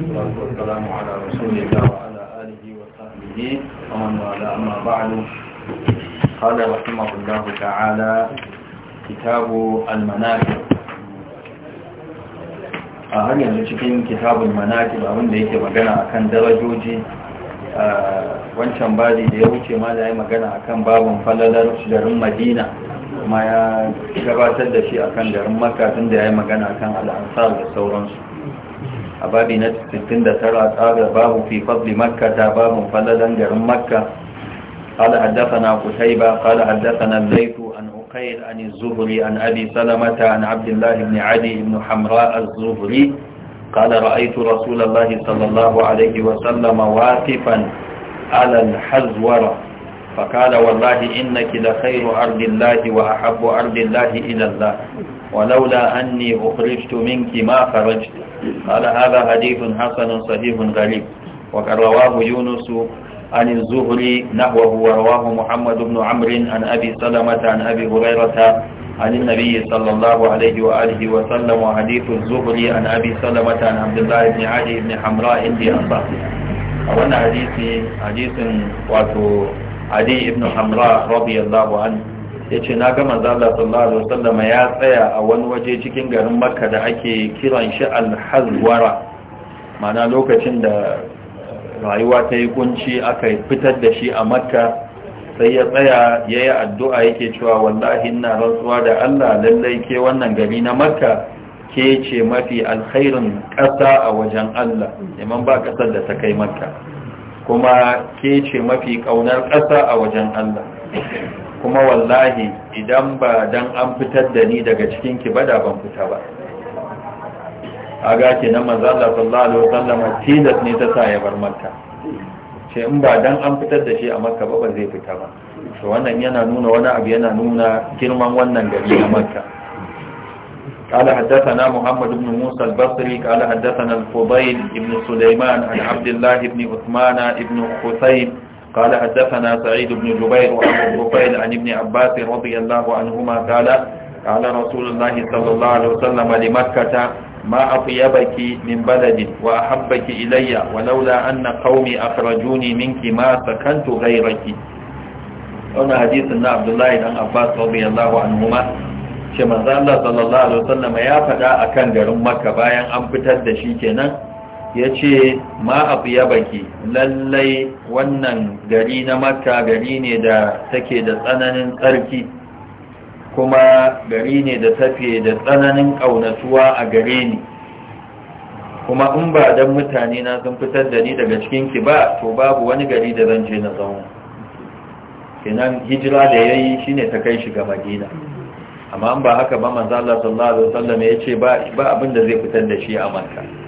والصلاة والسلام على رسول الله وعلى آله وصحبه ومن والاه أما بعد قال رحمه الله تعالى كتاب المناكب a har yanzu cikin kitabul manaqib abin da yake magana akan darajoji wancan babi da ya wuce ma da ya magana akan babin falalar garin Madina kuma ya gabatar da shi akan garin Makka tun da ya magana akan al'ansar da sauransu أبابي نتستند ترى أتابع باب في فضل مكة باب فلدا جرم مكة قال حدثنا قتيبة قال حدثنا الليث عن أقيل عن الزهري عن أبي سلمة عن عبد الله بن علي بن حمراء الزهري قال رأيت رسول الله صلى الله عليه وسلم واقفا على الحزورة فقال والله إنك لخير أرض الله وأحب أرض الله إلى الله ولولا أني أخرجت منك ما خرجت قال هذا حديث حسن صحيح غريب وقد رواه يونس عن الزهري نحوه ورواه محمد بن عمرو عن أبي سلمة عن أبي هريرة عن النبي صلى الله عليه وآله وسلم وحديث الزهري عن أبي سلمة عن عبد الله بن علي بن حمراء بأنصار وانا حديث حديث واتو علي بن حمراء رضي الله عنه ya ce na gama zala sallallahu alaihi wasallama ya tsaya a wani waje cikin garin makka da ake kiran shi alhazwara mana lokacin da rayuwa ta yi kunci aka fitar da shi a makka sai ya tsaya ya yi addu'a yake cewa wallahi na rantsuwa da allah lallai ke wannan gari na makka ke ce mafi alkhairin ƙasa a wajen allah neman ba ƙasar da ta kai makka kuma ke ce mafi ƙaunar ƙasa a wajen allah kuma wallahi idan ba dan an fitar da ni daga cikin ki bada ban fita ba a ga kenan manzo Allah sallallahu alaihi wasallam tilas ne ta sa ya bar makka ce in ba dan an fitar da shi a makka ba ba zai fita ba to wannan yana nuna wani abu yana nuna girman wannan gari a makka قال حدثنا محمد بن موسى البصري قال حدثنا الفضيل بن سليمان عن عبد الله بن عثمان بن خثيب قال حدثنا سعيد بن جبير وابو الطفيل عن ابن عباس رضي الله عنهما قال قال رسول الله صلى الله عليه وسلم لمكة ما أطيبك من بلد وأحبك إلي ولولا أن قومي أخرجوني منك ما سكنت غيرك هنا حديث أن عبد الله بن عباس رضي الله عنهما shi manzo Allah sallallahu alaihi wasallam ya faɗa akan garin Makka bayan an fitar da shi kenan ya ce ma abu ya baki lallai wannan gari na makka gari ne da take da tsananin tsarki kuma gari ne da tafiye da tsananin ƙaunatuwa a gare ni kuma in ba don mutane na sun fitar da ni daga cikinki ba to babu wani gari da zan je na zaune kenan hijira da ya yi shi ne ta kai shi ga madina amma in ba haka ba manzala sallallahu alaihi wasallam ya ce ba abin da zai fitar da shi a makka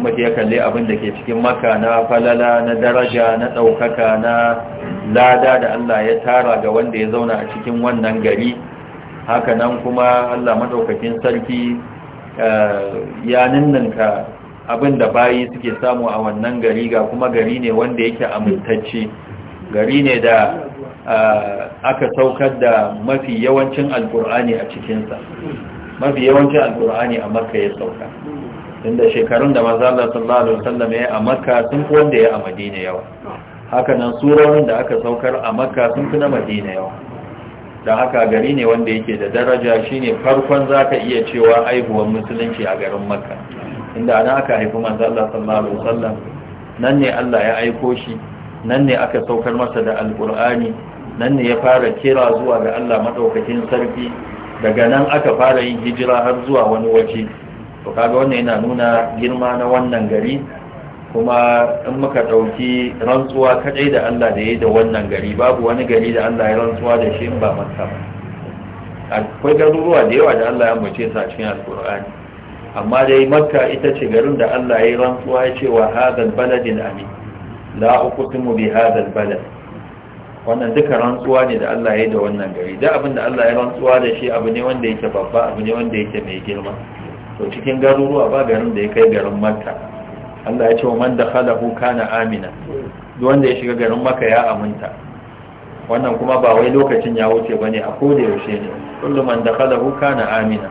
kuma ya kalli abin da ke cikin maka na falala na daraja na ɗaukaka na lada da Allah ya tara ga wanda ya zauna a cikin wannan gari hakanan kuma Allah maɗaukakin sarki eh, ya ninninka abin da bayi suke samu a wannan gari ga kuma gari ne wanda yake amintacce gari ne da eh, aka saukar da mafi yawancin alkur'ani a cikinsa mafi yawancin alkur'ani a makka ya sauka Inda shekarun da manzo Allah sallallahu alaihi wasallam ya a Makka sun fi wanda ya a Madina yawa haka nan surorin da aka saukar a Makka sun fi na Madina yawa dan haka gari ne wanda yake da daraja shine farkon zaka iya cewa aihuwar musulunci a garin Makka inda ana aka haifi manzo Allah sallallahu alaihi wasallam nan ne Allah ya aiko shi nan ne aka saukar masa da alqur'ani nan ne ya fara kira zuwa ga Allah madaukakin sarki daga nan aka fara yin hijira har zuwa wani waje to kaga wannan yana nuna girma na wannan gari kuma in muka ɗauki rantsuwa kadai da Allah da ya da wannan gari babu wani gari da Allah ya rantsuwa da shi in ba masa ba akwai garuruwa da yawa da Allah ya mace su a cikin alkur'ani amma dai makka ita ce garin da Allah ya rantsuwa ya ce wa hadal baladin amin la uqsimu bi hadal balad wannan duka rantsuwa ne da Allah ya yi da wannan gari da abin da Allah ya rantsuwa da shi abu ne wanda yake babba abu ne wanda yake mai girma to cikin garuruwa ba garin da ya kai garin makka Allah ya ce wa man dakhalahu kana amina duk wanda ya shiga garin makka ya aminta wannan kuma ba wai lokacin ya wuce bane a koda yaushe ne kullu man dakhalahu kana amina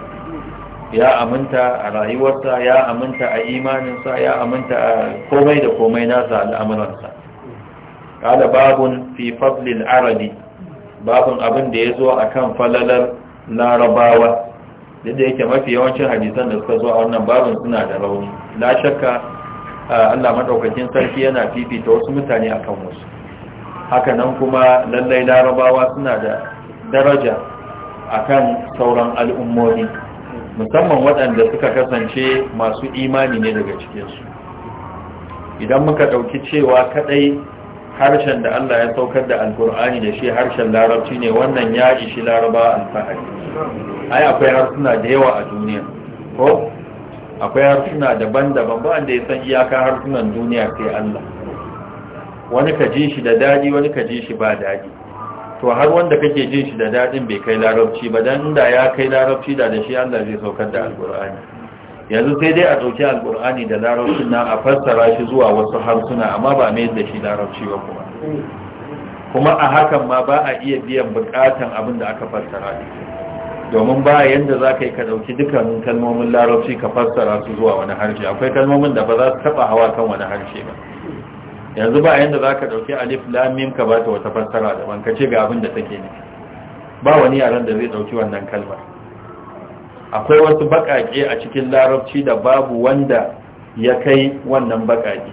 ya aminta a rayuwarsa ya aminta a imaninsa ya aminta a komai da komai nasa al'amuransa kada babun fi fadlil arabi babun abin da ya zo a falalar larabawa da da yake mafi yawancin hadisan da suka zo a wannan babin suna da rauni la shakka Allah madaukakin sarki yana fifita wasu mutane akan wasu haka nan kuma lallai larabawa suna da daraja akan sauran al'ummomi musamman waɗanda suka kasance masu imani ne daga cikinsu idan muka ɗauki cewa kaɗai harshen da Allah ya saukar da alkur'ani da shi harshen larabci ne wannan ya ishi laraba alfahari ai akwai harsuna da yawa a duniya ko akwai harsuna daban-daban ba wanda ya san iyaka harsunan duniya sai Allah wani ka ji shi da daɗi wani ka ji shi ba daɗi to har wanda kake jin shi da daɗin bai kai larabci ba dan inda ya kai larabci da da shi Allah zai saukar da alkur'ani yanzu sai dai a ɗauki alkur'ani da larabci na a fassara shi zuwa wasu harsuna amma ba mai da shi larabci ba kuma kuma a hakan ma ba a iya biyan bukatan abin da aka fassara domin ba yanda za ka yi ka ɗauki dukkanin kalmomin larabci ka fassara su zuwa wani harshe akwai kalmomin da ba za su taɓa hawa kan wani harshe ba yanzu ba yanda za ka ɗauki alif lamim ka ba ta wata fassara daban ka ce ga abin da take ne ba wani yaren da zai ɗauki wannan kalmar akwai wasu baƙaƙe a cikin larabci da babu wanda ya kai wannan bakaƙe.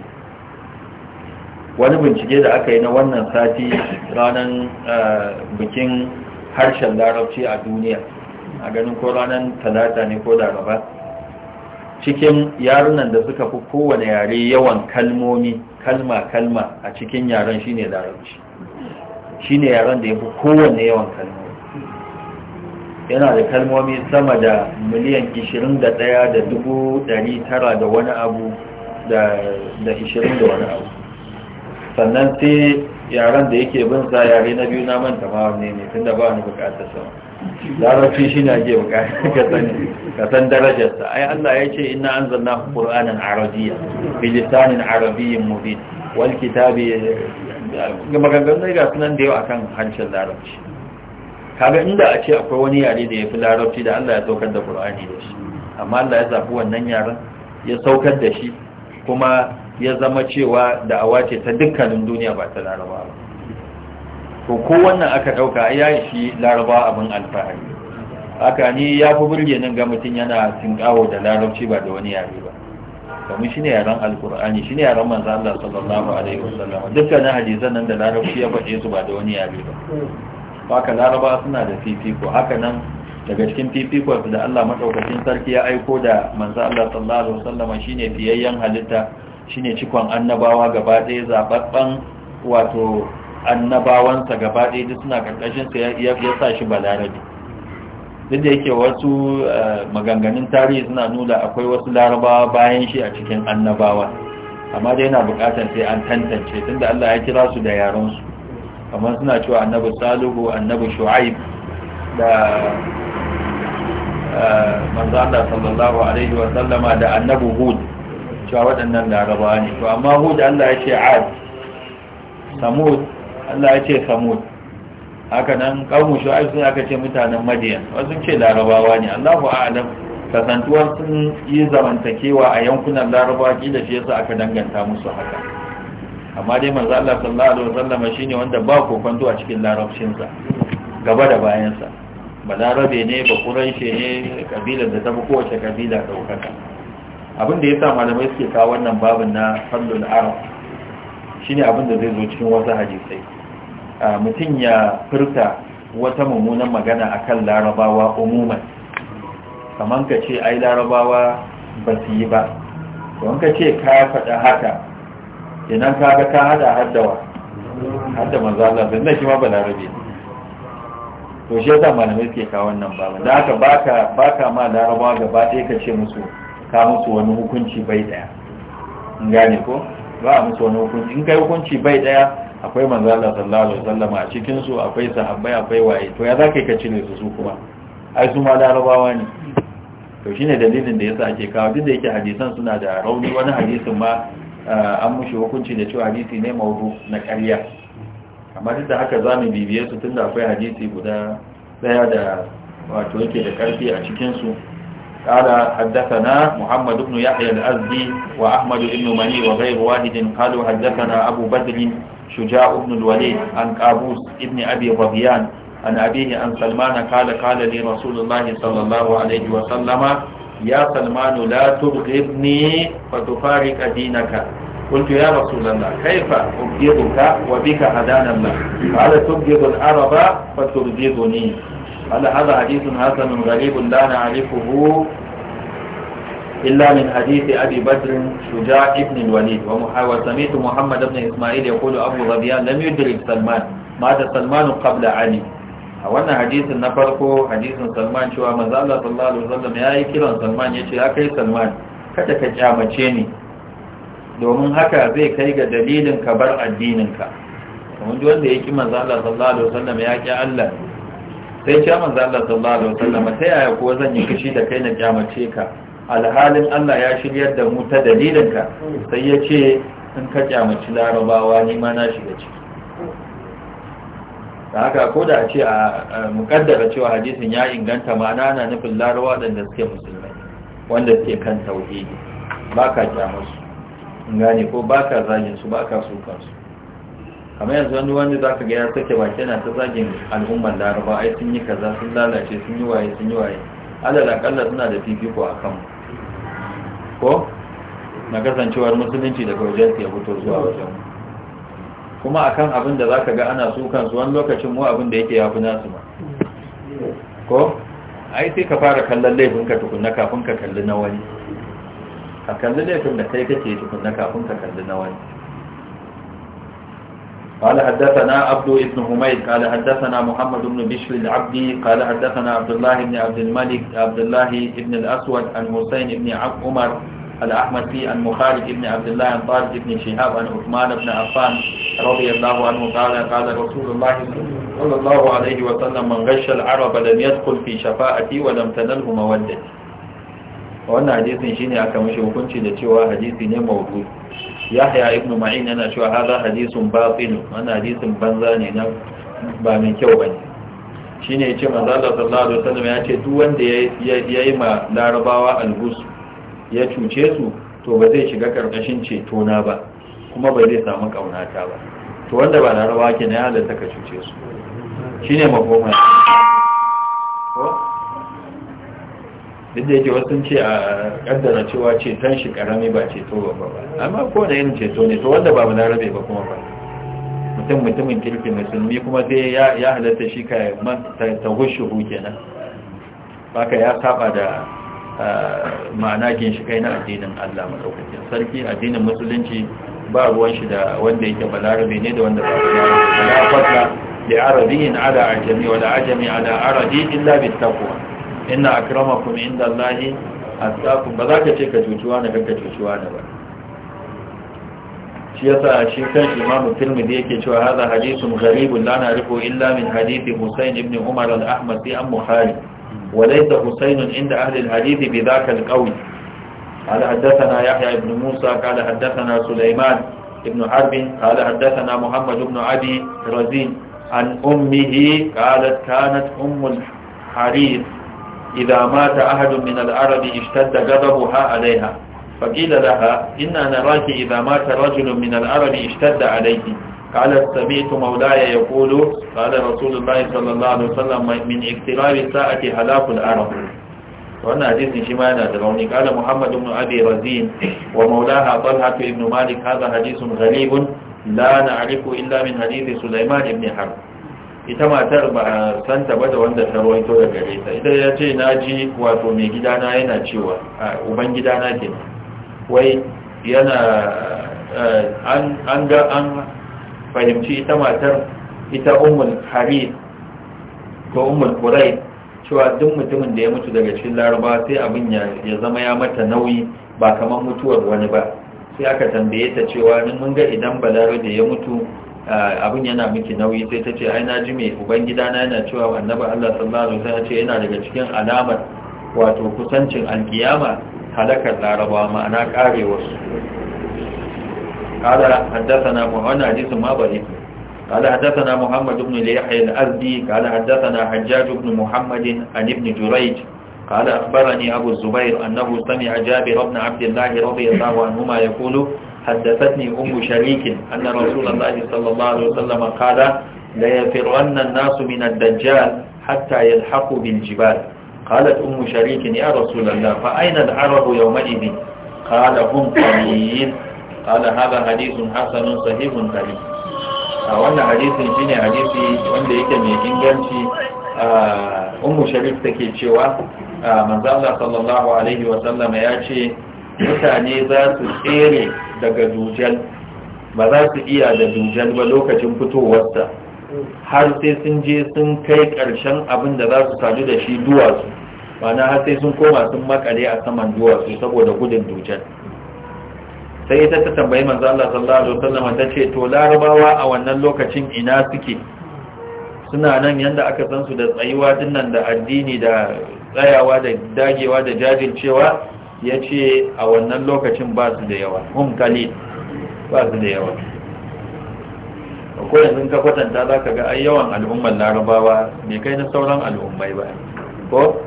wani bincike da aka yi na wannan sati ranar eh, bikin harshen larabci a duniya a ganin ko ranar talata ne ko laraba cikin yarunan da suka fi kowane yare yawan kalmomi kalma-kalma a cikin yaren shine larabci shine yaren da ya fi kowane yawan kalmomi yana da kalmomi sama da miliyan 21 da dubu 900 da wani abu da 20 da wani abu sannan sai yaren da yake bin sa yare na biyu na manta ma ne ne tun da ba ni bukatar sa larabci shi na ke bukatar ka san darajarsa ai Allah ya ce inna anzalna qur'anan arabiyya bi lisanin arabiyin mubin wal kitabi ga maganganun ga sunan da yau akan hancin larabci kaga inda a ce akwai wani yare da ya fi larabci da Allah ya saukar da Qur'ani da shi amma Allah ya zafi wannan yaren ya saukar da shi kuma ya zama cewa da awace ta dukkanin duniya ba ta laraba ba ko wannan aka ɗauka, ya shi laraba abin alfahari haka ni ya fi burge nan ga mutum yana kawo da larabci ba da wani yare ba shi shine yaren alkur'ani shine yaren manzo Allah sallallahu alaihi wasallam dukkanin hadisan nan da larabci ya faɗe su ba da wani yare ba haka laraba suna da fifiko haka nan daga cikin fifikon da Allah madaukakin sarki ya aiko da manzo Allah sallallahu alaihi wasallam shine fiyayyen halitta shine cikon annabawa gaba ɗaya zababban wato annabawansa gaba ɗaya duk suna karkashin sa ya sa shi balarabi duk da yake wasu eh, maganganun tarihi suna nuna akwai wasu larabawa bayan shi a cikin annabawa amma dai yana bukatar sai an tantance tunda Allah ya kira su da yaron su kamar suna cewa annabi salihu annabi shu'aib da eh, manzo Allah sallallahu alaihi wa sallama da annabi hud cewa waɗannan larabawa ne to amma hud Allah ya ce ad samud Allah ya ce samud haka nan kawo shu'aib sun aka ce mutanen madiyan wasu ce larabawa ne Allahu a'lam kasantuwar sun yi zamantakewa a yankunan larabawa kila shi yasa aka danganta musu haka amma dai manzo Allah sallallahu alaihi wasallam shine wanda ba kwanto a cikin larabcinsa gaba da bayansa larabe ne ba kuraishe ne kabilar da ta fi kowace kabila daukaka abin da yasa malamai suke kawo wannan babin na fadlul arab shine abin da zai zo cikin wasu hadisai mutum ya furta wata mummunan magana akan larabawa umuman kamar ka ce ai larabawa ba su yi ba don ka ce ka faɗa haka kenan kaga ka hada haddawa hadda manzo Allah sai na shi ma balarabe to shi yasa malamai suke kawo wannan babu da haka baka baka ma larabawa gaba ɗaya ka ce musu ka musu wani hukunci bai daya in gane ko ba a musu wani hukunci in kai hukunci bai daya akwai manzo Allah sallallahu alaihi wasallam a cikin su akwai sahabbai akwai waye to ya zaka ka cire su su kuma ai su ma larabawa ne to shine dalilin da yasa ake kawo duk da yake hadisan suna da rauni wani hadisin ma an mushi hukunci da cewa hadisi ne mawudu na ƙarya amma duk da haka za mu bibiye su tunda akwai hadisi guda daya da wato yake da ƙarfi a cikin su قال حدثنا محمد بن يحيى الأزدي وأحمد بن مني وغير واحد قالوا حدثنا أبو بدل شجاع بن الوليد عن قابوس بن أبي ربيان عن أبيه عن سلمان قال قال لرسول الله صلى الله عليه وسلم يا سلمان لا تبغضني فتفارق دينك قلت يا رسول الله كيف أبغضك وبك هدانا الله قال تبغض العرب فتبغضني قال هذا حديث حسن غريب لا نعرفه إلا من حديث أبي بدر شجاع ابن الوليد وسميت محمد بن إسماعيل يقول أبو ظبيان لم يدرك سلمان مات سلمان قبل علي a wannan hadisin na farko hadisin salman cewa manzala sallallahu alaihi Sallam ya yi kiran salman ya ce aka yi salman kada ka kyamace ni domin haka zai kai ga dalilin ka bar addininka domin wanda ya ki manzala sallallahu alaihi Sallam ya ki Allah sai ce manzala sallallahu alaihi Sallam, ta yaya ko zan yi kishi da kai na kyamace ka alhalin Allah ya shiryar da mu ta dalilinka sai ya ce in ka kyamaci larabawa ni ma na shiga ciki da haka ko da a ce a mukaddara cewa hadisin ya inganta ma'ana na nufin larawa da suke musulmai wanda suke kan tauhidi ba ka kyamarsu gane ko ba ka zagin su ba ka sukansu kamar yanzu wani wanda za ka gaya sake baki yana ta zagin al'umman larawa ai sun yi kaza sun lalace sun yi waye sun yi waye alal akalla suna da fifiko a kanmu ko na kasancewar musulunci daga wajen ya fito zuwa wajen mu kuma akan abin da zaka ga ana su kansu wani lokacin mu abin da yake fi nasu ma ko ai sai ka fara kallon laifin ka tukunna kafin ka kalli na wani ka kalli laifin da kai kake tukunna kafin ka kalli na wani قال حدثنا عبد بن حميد قال حدثنا محمد بن بشر العبدي قال حدثنا عبد الله بن عبد الملك عبد الله بن الأسود عن حسين بن عمر الأحمد في عن مخالد بن عبد الله عن طارق بن شهاب عن عثمان بن عفان رضي الله عنه قال قال رسول الله صلى الله عليه وسلم من غش العرب لم يدخل في شفاعتي ولم تنله مودتي wannan hadisin shine aka hukunci da cewa hadisi ne mawdu Yahya ibn Ma'in yana cewa hada hadisun batil wannan hadisin banza ne na ba mai kyau bane shine yace manzo Allah sallallahu alaihi wasallam ya ce duk wanda yayi ma larabawa algus ya cuce su to ba zai shiga karkashin ceto na ba kuma ba zai samu kaunata ba to wanda ba na rawa ke na halatta ka cuce su shine makoma ko duk da yake wasu ce a kaddara cewa ceton shi karami ba ceto babba ba amma ko na yin ceto ne to wanda ba larabe ba kuma ba mutum mutumin kirkin musulmi kuma sai ya halatta shi ka ta hushu kenan baka ya saba da ma'ana kai na addinin Allah madaukakin sarki addinin musulunci ba ruwan shi da wanda yake balarabe ne da wanda ba balarabe la fadla li arabiyyin ala ajami wa la ajami ala arabi illa bit taqwa inna akramakum inda a astakum ba za ka ce ka cuciwa na kanka cuciwa na ba shi yasa shi kan Imam da yake cewa hadha hadisun gharibun la na'rifu illa min hadisi musayin ibn Umar al sai an Bukhari وليس حسين عند أهل الحديث بذاك القول قال حدثنا يحيى بن موسى قال حدثنا سليمان بن حرب قال حدثنا محمد بن علي رزين عن أمه قالت كانت أم الحريث إذا مات أحد من العرب اشتد غضبها عليها فقيل لها إنا نراك إذا مات رجل من العرب اشتد عليه قال سمعت مولاي يقول قال رسول الله صلى الله عليه وسلم من اقتراب الساعة هلاك العرب وأن حديث شمانا دروني قال محمد بن أبي رزين ومولاها طلحة بن مالك هذا حديث غريب لا نعرف إلا من حديث سليمان بن حرب ita matar ba a san taba da wanda ta rawaito da gare ta ita ya ce na ji wato mai gidana yana cewa uban gidana ke wai yana an fahimci ita matar ita umul harid ko umul kurai cewa duk mutumin da ya mutu daga cikin laraba sai abin ya zama ya mata nauyi ba kamar mutuwar wani ba sai aka tambaye ta cewa ni mun ga idan da ya mutu abin yana miki nauyi sai ta ce ai na ji mai ubangida na yana cewa annabi Allah sallallahu alaihi wasallam ce yana daga cikin alamar wato kusancin alkiyama halakar larabawa ma'ana su. قال حدثنا مهنا حديث ما بريد قال حدثنا محمد بن ليحيى الأزدي قال حدثنا حجاج بن محمد عن ابن جريج قال أخبرني أبو الزبير أنه سمع جابر بن عبد الله رضي الله عنهما يقول حدثتني أم شريك أن رسول الله صلى الله عليه وسلم قال ليفرن الناس من الدجال حتى يلحقوا بالجبال قالت أم شريك يا رسول الله فأين العرب يومئذ قال هم قليل qala hadha hadithun hasanun sahihun qarib a wannan hadisin shine hadisi wanda yake mai inganci ummu sharif take cewa manzo Allah sallallahu alaihi wa sallam ya ce mutane za su tsere daga dujal ba za su iya da dujal ba lokacin fitowarsa har sai sun je sun kai karshen abin da za su sadu da shi duwatsu ma'ana har sai sun koma sun makale a saman duwatsu saboda gudun dujal sai ita ta tambayi manzo Allah sallallahu alaihi wasallam ta ce to larabawa a wannan lokacin ina suke suna nan yanda aka san su da tsayuwa dinnan da addini da tsayawa da dagewa da jajircewa yace a wannan lokacin ba su da yawa hum kalil ba su da yawa ko yanzu ka kwatanta zaka ga ai yawan al'ummar larabawa bai kai na sauran al'ummai ba ko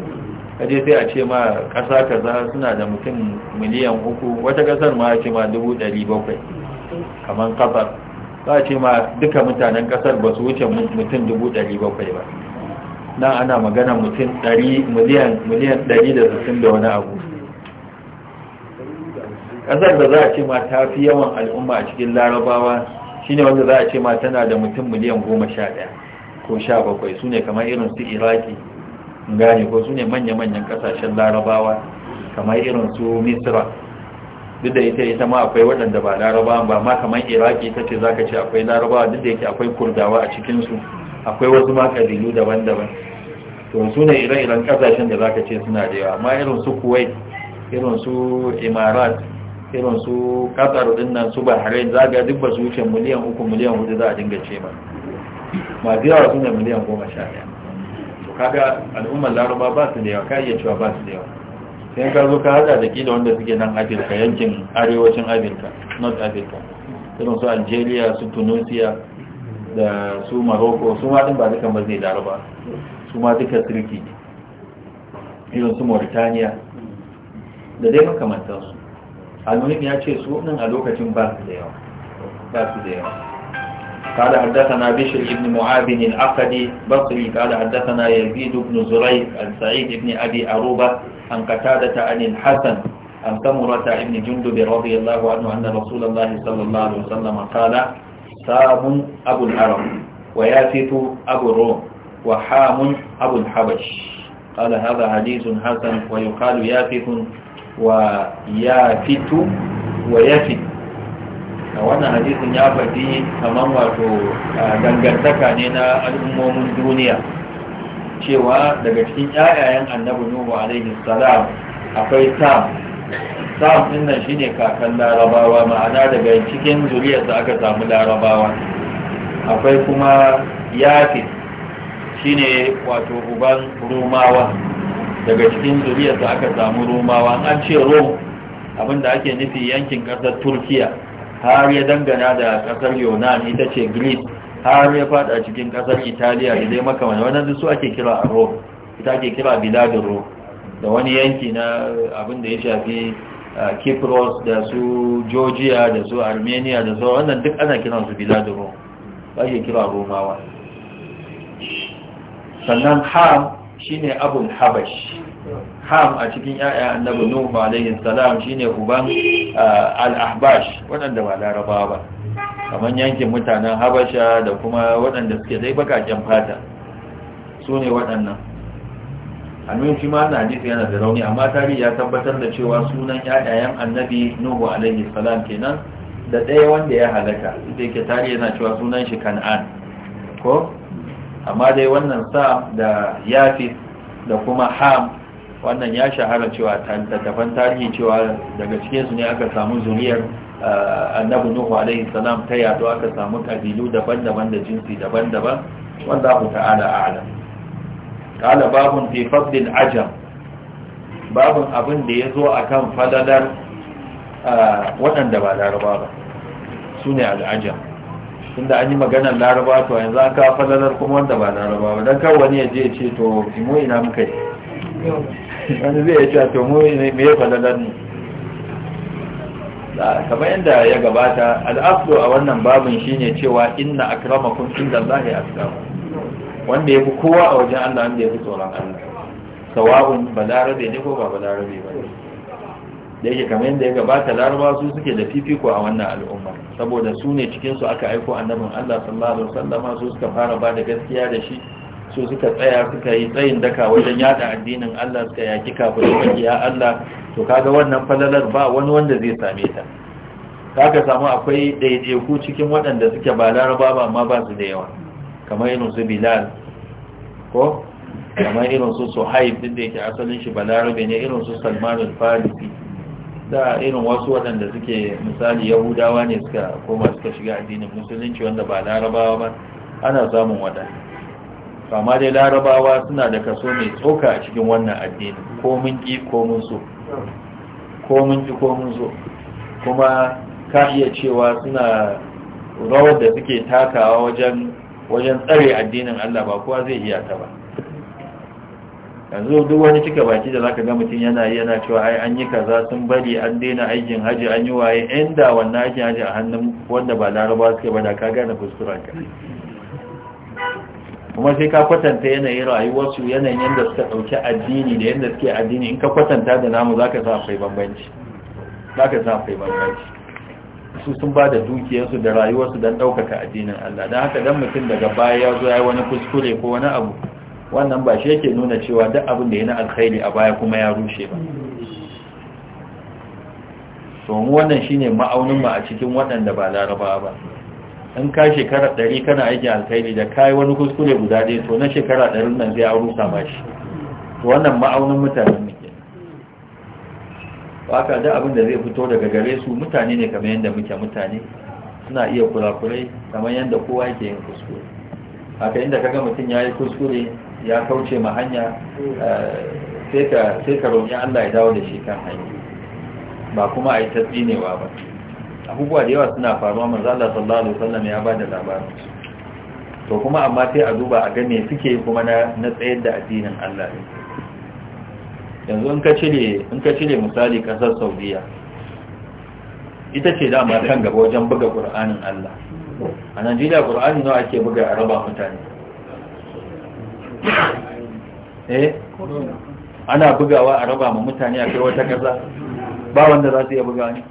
kaje sai a ce ma kasa kaza suna da mutum miliyan uku wata kasar ma ce ma dubu ɗari bakwai kamar ƙasar za a ce ma duka mutanen kasar ba su wuce mutum dubu ɗari bakwai ba nan ana magana mutum ɗari miliyan ɗari da sassin da wani abu kasar da za a ce ma ta fi yawan al'umma a cikin larabawa shine wanda za a ce ma tana da mutum miliyan goma sha ɗaya ko sha bakwai su ne kamar irin su iraki gane ko su ne manya-manyan kasashen larabawa kamar irin su misra duk da ita ita ma akwai waɗanda ba larabawa ba ma kamar iraki ta ce za ka ce akwai larabawa duk da yake akwai kurdawa a cikinsu akwai wasu ma ƙabilu daban-daban to su ne ire-iren kasashen da za ka ce suna da yawa amma irin su kuwait irin su imarat irin su qatar dinnan su bahrain ga duk ba su wuce miliyan uku miliyan hudu za a dinga ce ma ma biyawa su ne miliyan goma sha ɗaya kaga al'ummar laraba ba su da yawa ka iya cewa ba su da yawa sai ka zo ka hada da da wanda suke nan afirka yankin arewacin afirka north africa irin su algeria su tunisia da su morocco su ma din ba duka ba zai laraba su ma duka turki irin su mauritania da dai makamantarsu almuhim ya ce su nan a lokacin ba su da yawa ba su da yawa قال حدثنا بشر بن معاذ العقدي بصري قال حدثنا يزيد بن زريق عن سعيد بن أبي أروبة عن قتادة عن الحسن عن سمرة بن جندب رضي الله عنه أن رسول الله صلى الله عليه وسلم قال سام أبو العرب ويافث أبو الروم وحام أبو الحبش قال هذا حديث حسن ويقال يافث ويافت ويافت a wannan hadisin ya faɗi kamar wato dangantaka ne na al'ummomin duniya cewa daga cikin ƴaƴayen annabi nuhu alaihi salam akwai sam sam din nan shine kakan larabawa ma'ana daga cikin zuriyar da aka samu larabawa akwai kuma yafi shine wato uban rumawa daga cikin zuriyar da aka samu rumawa an ce rom abinda ake nufi yankin ƙasar turkiya har ya dangana da kasar yunan ita ce greece har ya fada cikin kasar italiya da dai wani wannan su ake kira rome ita ake kira biladin da wani yanki na eh, abin da ya shafi eh, kipros da su georgia da su armenia da su wannan duk ana kiransu biladin ba ake kira romawa sannan ham shine abun habash ham a cikin ya'ya annabi nuhu alaihi salam shine uban al-ahbash waɗanda ba larabawa ba kamar yankin mutanen habasha da kuma waɗanda suke dai bakaken fata su ne waɗannan hannun shi ma na yana da rauni amma tarihi ya tabbatar da cewa sunan 'ya'yan annabi nuhu alaihi salam kenan da ɗaya wanda ya halaka da yake tarihi yana cewa sunan shi kan'an ko amma dai wannan sa da yafi da kuma ham wannan ya shahara cewa tattafan tarihi cewa daga cikinsu ne aka samu zuriyar eh, annabi nuhu alaihi salam ta yado aka samu kabilu daban-daban da jinsi daban-daban wanda ku ta'ala a'lam qala babun fi fadl ajam babun abin da yazo akan fadalar eh, waɗanda ba laraba ba sune al'ajam tunda an yi maganar laraba to yanzu an kawo fadalar kuma wanda ba laraba ba dan kar wani ya je ya ce to mu ina muka yi wani zai ya ce to mu me ya falalar kamar yadda ya gabata al'aflo a wannan babin shine cewa inna akramakum inda Allah ya akramu wanda ya kowa a wajen Allah wanda ya fi tsoron Allah sawa'un balarabe ne ko ba Larabe ba ne da yake kamar yadda ya gabata laraba su suke da fifiko a wannan al'umma saboda su ne cikinsu aka aiko annabin Allah sallallahu alaihi wasallama su suka fara ba da gaskiya da shi su suka tsaya suka yi tsayin daka wajen yada addinin Allah suka yaki kafirin makiya Allah to kaga wannan falalar ba wani wanda zai same ta kaga samu akwai ɗaiɗaiku cikin waɗanda suke ba laraba amma ba su da yawa kamar irin su bilal ko kamar irin su suhaib din da yake asalin shi ba larabe ne irin su salman farisi da irin wasu waɗanda suke misali yahudawa ne suka koma suka shiga addinin musulunci wanda ba larabawa ba ana samun waɗanda kama dai larabawa suna da kaso mai tsoka a cikin wannan addini ko mun ƙi ko mun so ko ƙi ko so kuma ka iya cewa suna rawar da suke takawa wajen wajen tsare addinin Allah ba kowa zai iya ta ba yanzu duk wani cika baki da zaka ga mutum yana yana cewa ai an yi kaza sun bari an daina aikin haji an yi waye inda wannan aikin haji a hannun wanda ba laraba suke ba da ka gane kuskuren ka kuma sai ka kwatanta yanayin rayuwarsu yanayin yadda suka ɗauki addini da yadda suke addini in ka kwatanta da namu za ka sa akwai bambanci za ka sa akwai bambanci su sun ba da dukiyarsu da rayuwarsu don ɗaukaka addinin Allah don haka don mutum daga baya ya zo ya yi wani kuskure ko wani abu wannan ba shi yake nuna cewa duk abin da ya na alkhairi a baya kuma ya rushe ba to wannan shine ma'aunin mu a cikin waɗanda ba laraba ba in ka shekara ɗari kana aiki alkhairi da kayi wani kuskure guda ɗaya to na shekara ɗarin nan zai auru sa shi to wannan ma'aunin mutanen muke ba ka da abin da zai fito daga gare su mutane ne kamar yadda muke mutane suna iya kurakurai kamar yadda kowa yake yin kuskure haka inda ga mutum ya yi kuskure ya kauce ma hanya eh, sai ka roƙi Allah ya dawo da shi kan hanya ba kuma a yi tatsinewa ba abubuwa da yawa suna faruwa manzo Allah sallallahu alaihi wasallam ya bada labarin to kuma amma sai a duba a ga me suke kuma na na tsayar da addinin Allah ne yanzu in ka cire in ka cire misali kasar Saudiya ita ce dama kan gaba wajen buga Qur'anin Allah a Najeriya Qur'ani nawa ake buga a raba mutane eh ana bugawa a raba ma mutane a kai wata kaza ba wanda za su iya bugawa ne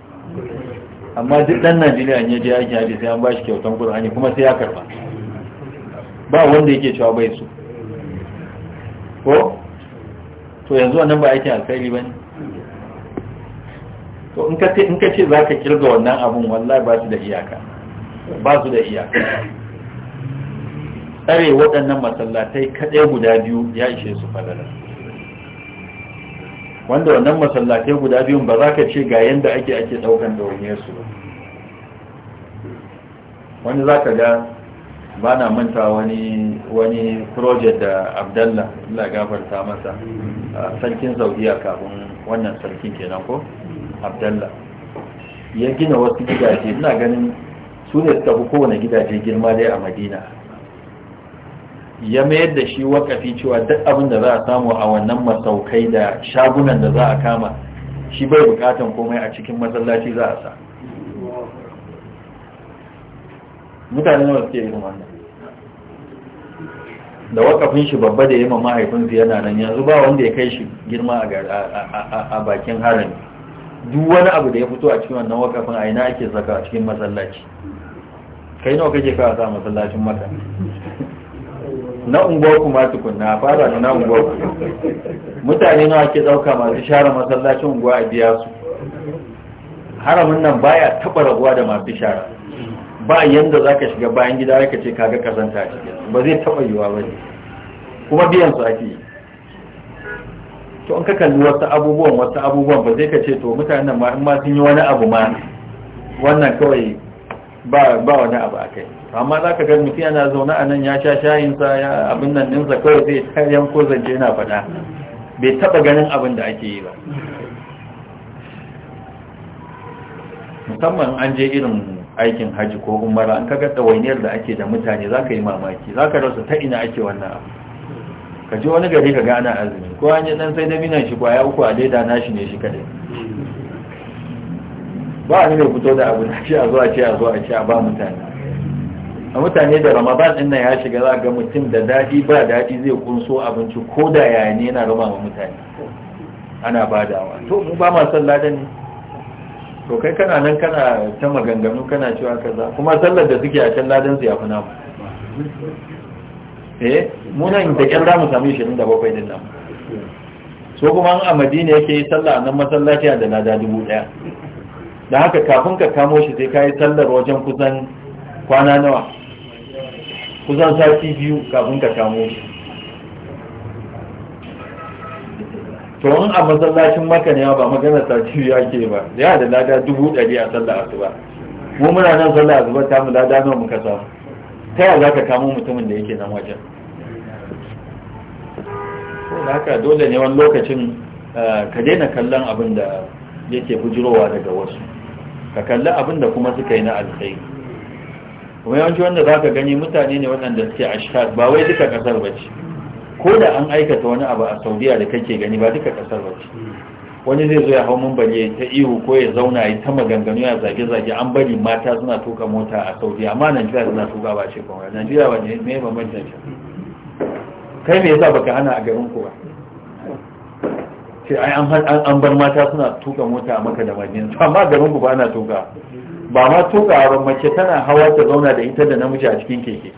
amma duk dan najeriya ya je aikin haji sai an ba shi kyautan qur'ani kuma sai ya karba ba wanda yake cewa bai su ko to yanzu wannan ba aikin alkhairi ba ne to in ka ce za ka kirga wannan abun wallahi ba su da iyaka ba su da iyaka tsare waɗannan masallatai kaɗai guda biyu ya ishe su fadalar wanda wannan masallatai guda biyun ba za ka ce ga yadda ake ake da wani yasu wani za ka ga ba na manta wani wani project da abdallah Gafar gafarta masa sarkin saudiya kafin wannan sarkin kenan ko abdallah ya gina wasu gidaje ina ganin su ne suka fi kowane gidaje girma dai a madina ya mayar da shi wakafi cewa duk abin da za a samu a wannan masaukai da shagunan da za a kama shi bai bukatan komai a cikin masallaci za a sa mutane nawa suke yi wannan da wakafin shi babba da ma mahaifinsu yana nan yanzu ba wanda ya kai shi girma a bakin harin, duk wani abu da ya fito a cikin wannan wakafin a ina ake saka a cikin masallaci kai nawa kake kawo sa masallacin maka na unguwarku ku ma tukunna fara da na unguwarku. ku mutane nawa ke dauka masu share masallacin unguwa a biya su haramin nan baya taba rabuwa da masu share ba yanda zaka shiga bayan gida zaka ce kaga kazanta shi ba zai taba yiwa ba kuma biyan su ake to an ka kalli wasu abubuwan wasu abubuwan ba zai ka ce to mutanen ma in ma sun yi wani abu ma wannan kawai ba wani abu a kai amma za ka gani mutum yana zaune a nan ya sha shayinsa ya abin nan ninsa kawai zai ta yanko zance yana faɗa bai taba ganin abin da ake yi ba musamman an je irin aikin hajji ko umara an kaga ɗawainiyar da ake da mutane za ka yi mamaki za ka rasa ta ina ake wannan abu ka ji wani gari ka gana azumi ko an yi ɗan sai na binan shi kwaya uku a leda nashi ne shi kadai ba ni ne fito da abu ce a zo a ce a zo a ce a ba mutane a mutane da ramadan din nan ya shiga za ga mutum da daɗi ba daɗi zai kunso abinci ko da yaya ne yana raba wa mutane ana wa to mu ba ma sallah da ne to kai kana nan kana ta maganganu kana cewa kaza kuma sallar da suke a can ladan su yafi namu eh mu nan da kyan zamu samu bakwai din nan so kuma an a madina yake yi sallah a nan masallaci da da dubu ɗaya da haka kafin ka kamo shi sai ka yi sallar wajen kusan kwana nawa kusan sati biyu kafin ka kamo shi to in a masallacin maka ne ba magana sati biyu ake ba ya da lada dubu ɗari a sallar asuba mu muna nan sallar asuba ta mu lada nawa muka samu ta yaya za ka kamo mutumin da yake nan wajen da haka dole ne wani lokacin eh, ka daina kallon abin da yake bujirowa daga wasu ka kalli abin da kuma suka yi na alkhairi kuma yawanci wanda za ka gani mutane ne waɗanda suke ashkar ba wai duka ƙasar ba ce ko da an aikata wani abu a saudiya da kake gani ba duka ƙasar ba ce wani zai zo ya hau mambali ta ihu ko ya zauna ya ta maganganu ya zage-zage an bari mata suna tuka mota a saudiya amma najeriya suna tuka ba ce kuma najeriya ba ne mai bambancin shi kai me yasa baka hana a garin ku ba ce ai an bar mata suna tuka mota a maka da majin amma garin ku ba na tuka ba ma tuka ba mace tana hawa ta zauna da ita da namiji a cikin keke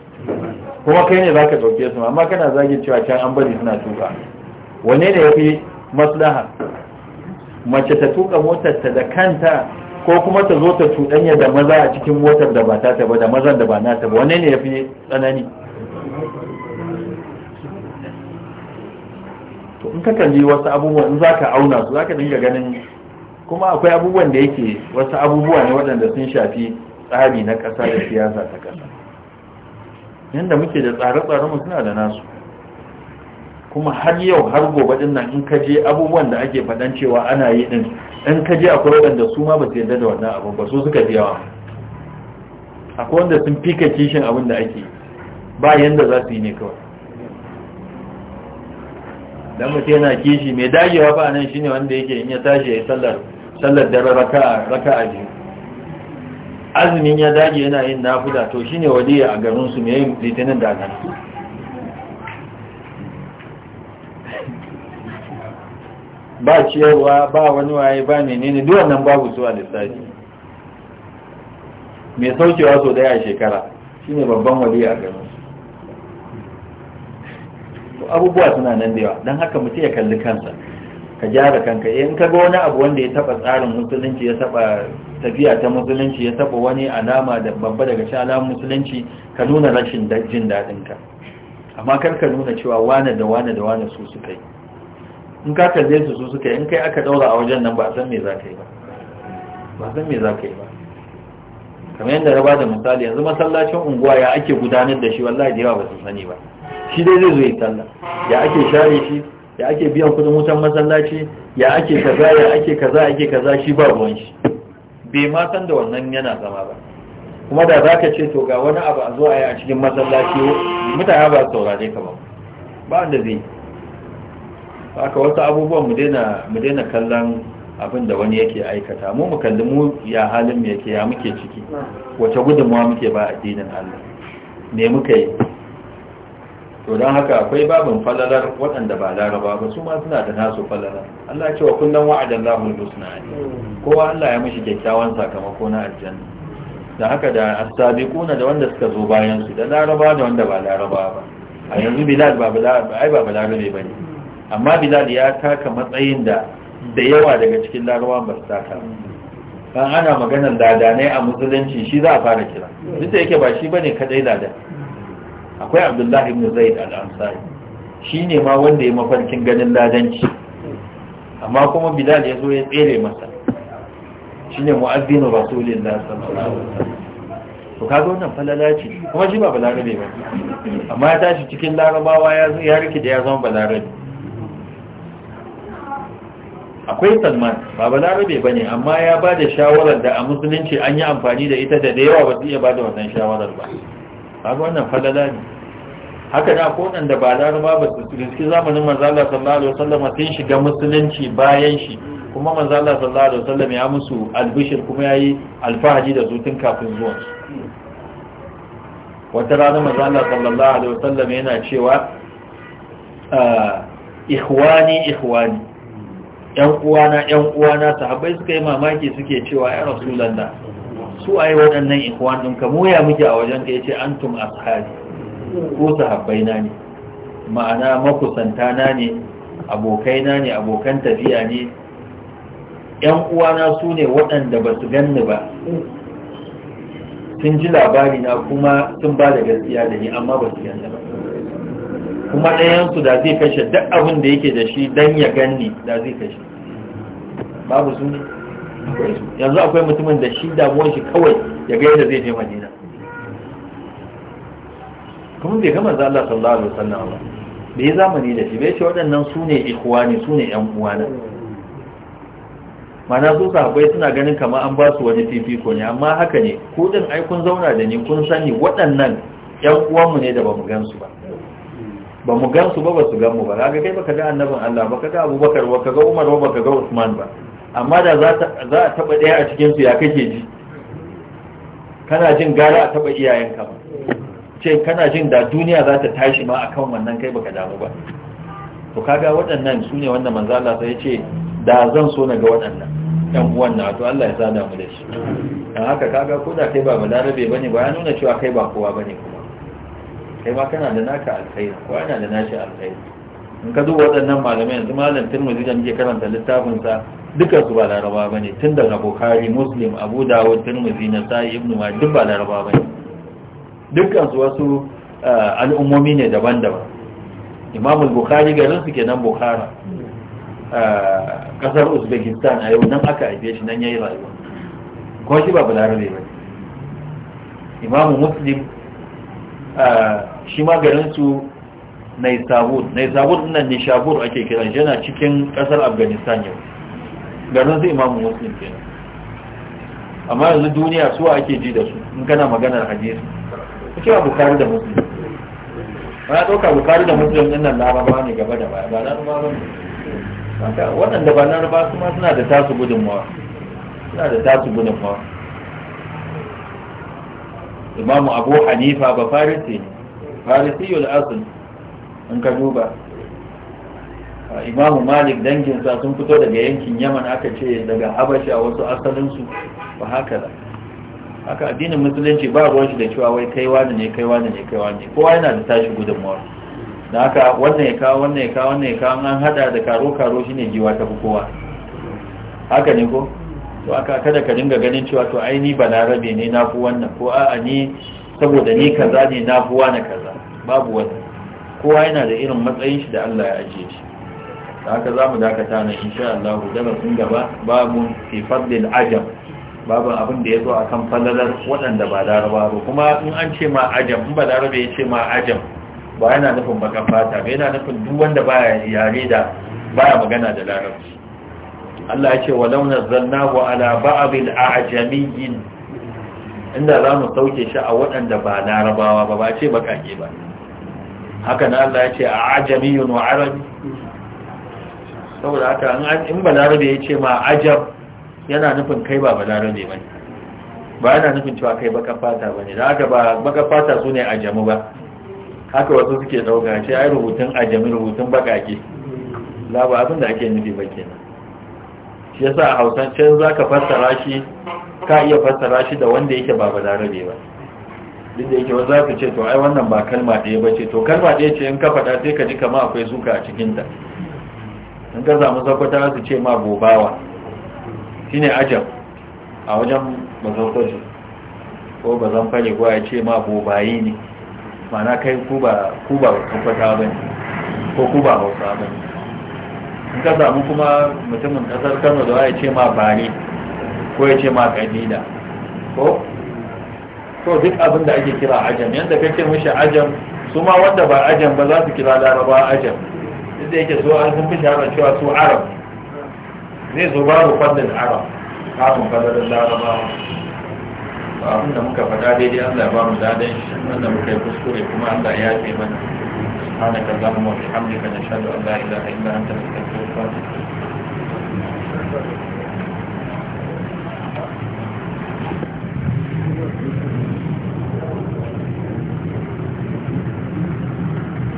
kuma kai ne zaka dauke su amma kana zagin cewa can an bari suna tuka wanne ne yafi maslaha mace ta tuka motar ta da kanta ko kuma ta zo ta cuɗanya da maza a cikin motar da ba ta ta ba da mazan da ba nata ba wanne ne yafi tsanani to in ka kalli wasu abubuwan in za ka auna su za ka dinga ganin kuma akwai abubuwan da yake wasu abubuwa ne waɗanda sun shafi tsari na ƙasa da siyasa ta ƙasa yadda muke da tsare-tsare mu suna da nasu kuma har yau har gobe din nan in ka je abubuwan da ake faɗan cewa ana yi din in ka je akwai waɗanda su ma ba su yarda da wannan abu ba su suka fi yawa akwai wanda sun fika kishin abin da ake ba yanda za su yi ne kawai dan mutum yana kishi mai dagewa ba nan shine wanda yake in ya tashi ya sallar sallar dare raka'a raka'a biyu azumin ya dage yana yin nafila to shine waliya a garin su mai litinin da nan ba ciyarwa ba wani waye ba menene duk wannan babu su a lissafi mai saukewa sau daya a shekara shine babban waliya a garin abubuwa suna nan da yawa don haka mutum ya kalli kansa ka gyara kanka eh, in ka ga wani abu wanda ya taba tsarin musulunci ya taba tafiya ta musulunci ya taba wani alama da babba daga shi alamun musulunci ka nuna rashin jin daɗin ka amma kar ka nuna cewa wane da wane da wane su suka yi in ka kalle su su suka yi in kai aka daura a wajen nan ba san me za ka yi ba ba san me za ka yi ba kamar yadda raba da misali yanzu masallacin unguwa ya ake gudanar da shi wallahi da yawa ba su sani ba shi dai zai zo ya talla, ya ake share shi ya ake biyan kudin wutan masallaci ya ake kaza ya ake kaza ake kaza shi ba ruwan shi bai ma san da wannan yana zama ba kuma da za ka ce to ga wani abu a zo a yi a cikin masallaci mutane ba su saurare ka ba ba wanda zai haka wasu abubuwan mu daina kallon abin da wani yake aikata mu mu kalli mu ya halin mu yake ya muke ciki wace gudunmawa muke ba addinin Allah ne muka yi to don haka akwai babin falalar waɗanda ba laraba ba su ma suna da nasu falalar Allah ya ce wa kullum wa'adan lahul husna kowa Allah ya mishi kyakkyawan sakamako na aljanna da haka da asabiquna da wanda suka zo bayan su da laraba da wanda ba laraba ba a yanzu bilal ba ai ba balarabe bane amma bilal ya taka matsayin da da yawa daga cikin laraba ba su taka kan ana maganar ladanai a musulunci shi za a fara kira duk da yake ba shi bane kadai ladan akwai abdullahi ibn zaid al-ansari shine ma wanda ya mafarkin ganin ladanci amma kuma bilal ya zo ya tsere masa shine mu'azzinu rasulillahi sallallahu alaihi wasallam to kaga wannan falala ce kuma shi ba balarabe ba amma ya tashi cikin larabawa ya ya rike da ya zama balarabe akwai salman ba balarabe ba ne amma ya ba da shawarar da a musulunci an yi amfani da ita da da yawa ba su iya ba da wannan shawarar ba kaga wannan falala ne haka da ko da ba laraba ba su riski zamanin manzo Allah sallallahu alaihi wasallam sun shiga musulunci bayan shi kuma manzo Allah sallallahu alaihi wasallam ya musu albishir kuma yayi alfahari da su tun kafin zuwan su wata rana manzo Allah sallallahu alaihi wasallam yana cewa ah, ikhwani ikhwani yan uwana yan uwana sahabbai suka yi mamaki suke cewa ya rasulullah su a yi waɗannan ikuwan ɗin ka ya muke a wajen ka ya an tum ashabi ko sahabbai na ne ma'ana makusanta na ne abokai na ne abokan tafiya ne yan uwana su ne waɗanda ba su ganni ba sun ji labari na kuma sun ba da gaskiya da ni amma ba su ganni ba kuma ɗayansu da zai kashe duk abin da yake da shi don ya ganni da zai kashe babu su ne yanzu akwai mutumin da shi damuwan shi kawai ya ga yadda zai je madina kuma bai gama za Allah sallallahu alaihi wasallam ba bai yi zamani da shi bai ce waɗannan su ne ikhwani su ne ƴan uwana mana su sahabbai suna ganin kamar an ba su wani fifiko ne amma haka ne ko din ai kun zauna da ni kun sani waɗannan ƴan uwanmu ne da bamu gan su ba ba mu gan su ba ba su gan mu ba kaga kai baka ga annabin Allah ba kaga Abubakar ba ga Umar ba ga Usman ba amma da za a taɓa ɗaya a cikinsu ya kake ji kana jin gara a taɓa iyayenka ba ce kana jin da duniya za ta tashi ma akan wannan kai baka damu ba to kaga waɗannan su ne wanda manzo Allah sai ya ce da zan so na ga waɗannan ɗan uwan na to Allah ya sa damu da shi dan haka kaga ko da kai ba balarabe bane ba ya nuna cewa kai ba kowa bane kuma kai ma kana da naka alkhairi ko yana da nashi alkhairi in ka duba waɗannan malamai yanzu malam Tirmidhi da muke karanta littafin sa dukansu ba laraba ba ne tun daga bukari muslim abu dawud turmuzi na sa'i ibn ma duk ba laraba ba ne dukansu wasu eh, al'ummomi ne daban-daban imamul bukari garin su kenan bukara eh, kasar uzbekistan a yau nan aka haife shi nan ya yi rayuwa Ko shi ba balarabe ba imamu muslim eh, shi ma garin su naisabur naisabur nan nishabur ake kiran yana cikin kasar afghanistan yau garin zai imamu muslim kenan amma yanzu duniya su ake ji da su in kana maganar hadisi cewa bukari da muslim ya ɗauka bukari da muslim ɗin nan laraba ne gaba da baya ba laraba ba ne waɗanda ba laraba su ma suna da tasu gudunmawa suna da tasu gudunmawa imamu abu hanifa ba farisi farisi yul asul in ka duba imamu malik danginsa sun fito daga yankin yaman aka ce daga habasha wasu asalinsu ba haka da haka addinin musulunci ba ruwan shi da cewa wai kaiwa wani ne kaiwa wani ne wani ne kowa yana da tashi gudunmuwa da haka wannan ya kawo wannan ya kawo wannan ya kawo an hada da karo karo ne jiwa ta fi kowa haka ne ko to aka kada ka dinga ganin cewa to ai ni balarabe ne na fi wannan ko a'a ni saboda ni kaza ne na fi wani kaza babu wani kowa yana da irin matsayin shi da Allah ya ajiye shi haka za mu dakata na insha Allah darasin gaba babu fi fadlil ajab abin da ya zo akan falalar waɗanda ba laraba ba kuma in an ce ma ajab in ba laraba ya ce ma ajab ba yana nufin bakan fata ba yana nufin duk wanda baya yare da ba ya magana da larabci Allah ya ce walau wa ala ba'dil ajamiyin inda za mu sauke shi a waɗanda ba larabawa ba ba ce bakake ba haka na Allah ya ce a ajamiyun wa arabi saboda haka in balarabe ya ce ma ajab yana nufin kai ba balarabe ba ba yana nufin cewa kai baka fata ba ne da haka ba baka fata su ne ajamu ba haka wasu suke ɗauka ce ai rubutun ajami rubutun baƙaƙe za ba abin da ake nufi ba kenan shi yasa a hausance za ka fassara shi ka iya fassara shi da wanda yake ba balarabe ba duk da yake wanda za ce to ai wannan ba kalma ɗaya ba ce to kalma ɗaya ce in ka faɗa sai ka ji kama akwai suka a cikinta in ka samu su ce ma bobawa shine ajab a wajen masaukaci ko ba zan fare ko ya ce ma bobayi ne mana kai ku ba ba ne ko ku ba hausa ba ne in ka samu kuma mutumin kasar kano da ya ce ma bari ko ya ce ma kalila ko so duk abin da ake kira ajam yadda kake mushi ajam su ma wanda ba ajam ba za su kira laraba ajam da yake zuwa an sun fi shahara cewa su arab zai zo babu fannin arab kafin fadarin laraba ba abin da muka fada daidai allah ba mu daɗin shi wanda muka yi kuskure kuma allah ya ce mana سبحانك اللهم وبحمدك نشهد ان لا اله الا انت نستغفرك